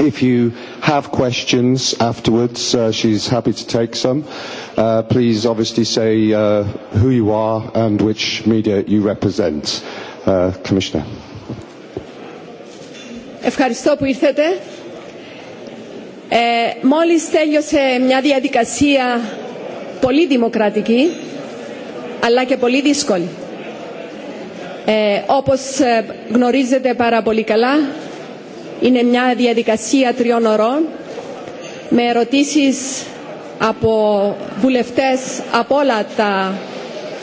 If you have questions afterwards, uh, she's happy to take some. Uh, please obviously say uh, who you are and which media you represent. Uh, Commissioner. Ευχαριστώ που ήρθατε. Ε, μόλις τέλειωσε μια διαδικασία πολύ δημοκρατική, αλλά και πολύ δύσκολη. Ε, όπως γνωρίζετε πάρα πολύ καλά, Είναι μια διαδικασία τριών ωρών με ερωτήσεις από βουλευτές από όλα τα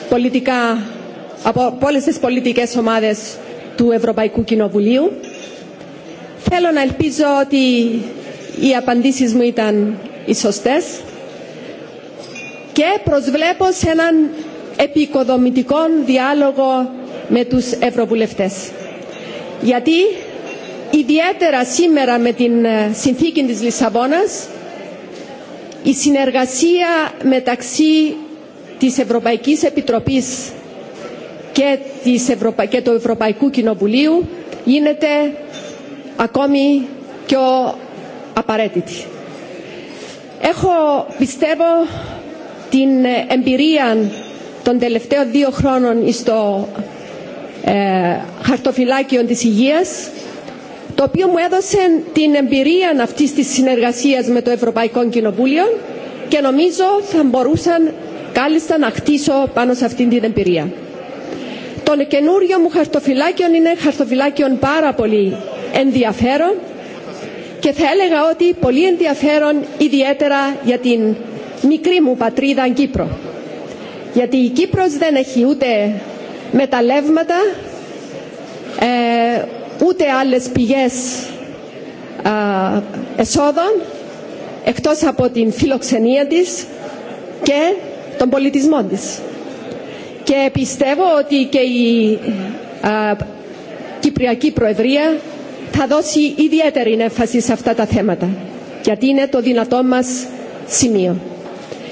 πολιτικά, από όλες τις πολιτικές ομάδες του Ευρωπαϊκού Κοινοβουλίου. Θέλω να ελπίζω ότι οι απαντήσεις μου ήταν οι σωστές και προσβλέπω σε έναν επικοδομητικό διάλογο με τους Ευρωβουλευτές. Γιατί Ιδιαίτερα σήμερα με την συνθήκη της Λισαβόνας, η συνεργασία μεταξύ της Ευρωπαϊκής Επιτροπής και, της Ευρωπα... και του Ευρωπαϊκού Κοινοβουλίου γίνεται ακόμη πιο απαραίτητη. Έχω, πιστεύω, την εμπειρία των τελευταίων δύο χρόνων στο ε, χαρτοφυλάκιο της υγείας το οποίο μου έδωσε την εμπειρία αυτής της συνεργασίας με το Ευρωπαϊκό Κοινοβούλιο και νομίζω θα μπορούσαν κάλλιστα να χτίσω πάνω σε αυτήν την εμπειρία. Το καινούριο μου χαρτοφυλάκιο είναι χαρτοφυλάκιο πάρα πολύ ενδιαφέρον και θα έλεγα ότι πολύ ενδιαφέρον ιδιαίτερα για την μικρή μου πατρίδα Κύπρο. Γιατί η Κύπρος δεν έχει ούτε μεταλλεύματα, ε, ούτε άλλες πηγές α, εσόδων εκτός από την φιλοξενία της και τον πολιτισμό της. Και πιστεύω ότι και η α, Κυπριακή Προεδρία θα δώσει ιδιαίτερη έμφαση σε αυτά τα θέματα, γιατί είναι το δυνατό μας σημείο.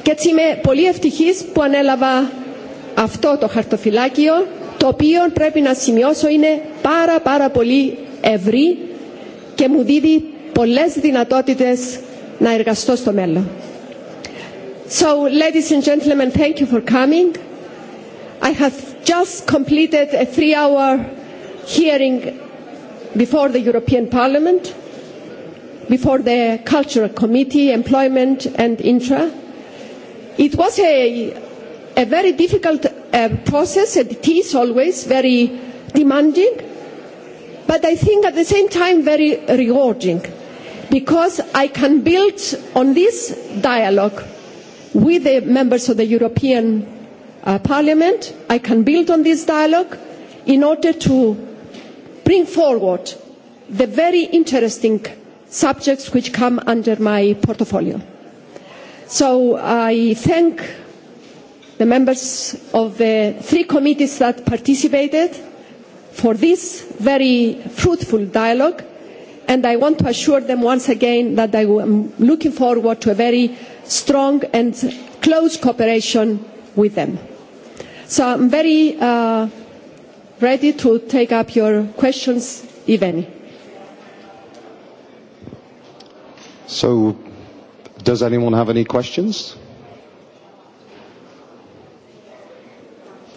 Και έτσι είμαι πολύ ευτυχής που ανέλαβα αυτό το χαρτοφυλάκιο το οποίο πρέπει να σημειώσω είναι πάρα πάρα πολύ ευρύ και μου δίδει πολλές δυνατότητες να εργαστώ στο μέλλον. So, ladies and gentlemen, thank you for coming. I have just completed a three-hour hearing before the European Parliament, before the Cultural Committee, Employment and Intra. It was a, a very difficult uh, process. It is always very demanding, but I think at the same time very rewarding because I can build on this dialogue with the members of the European uh, Parliament. I can build on this dialogue in order to bring forward the very interesting subjects which come under my portfolio. So I thank the members of the three committees that participated for this very fruitful dialogue and I want to assure them once again that I am looking forward to a very strong and close cooperation with them. So I'm very uh, ready to take up your questions, if any. So does anyone have any questions?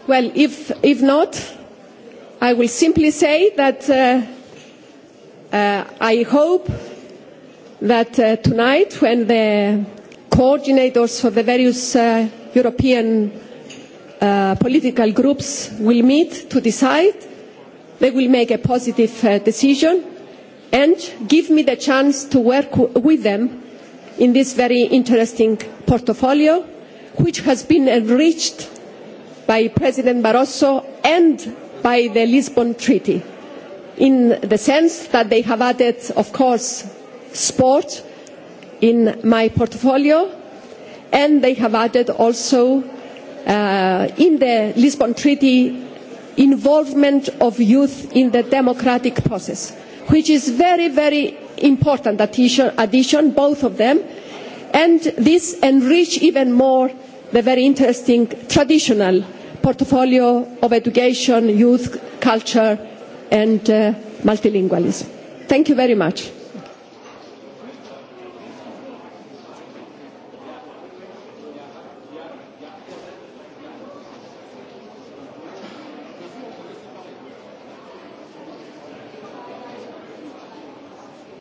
Well, if, if not, I will simply say that uh, uh, I hope that uh, tonight, when the coordinators for the various uh, European uh, political groups will meet to decide, they will make a positive uh, decision and give me the chance to work w- with them in this very interesting portfolio, which has been enriched by President Barroso and by the Lisbon Treaty, in the sense that they have added, of course, sport in my portfolio, and they have added also uh, in the Lisbon Treaty involvement of youth in the democratic process, which is very, very important addition, addition both of them, and this enrich even more the very interesting traditional portfolio of education, youth, culture and uh, multilingualism. Thank you very much.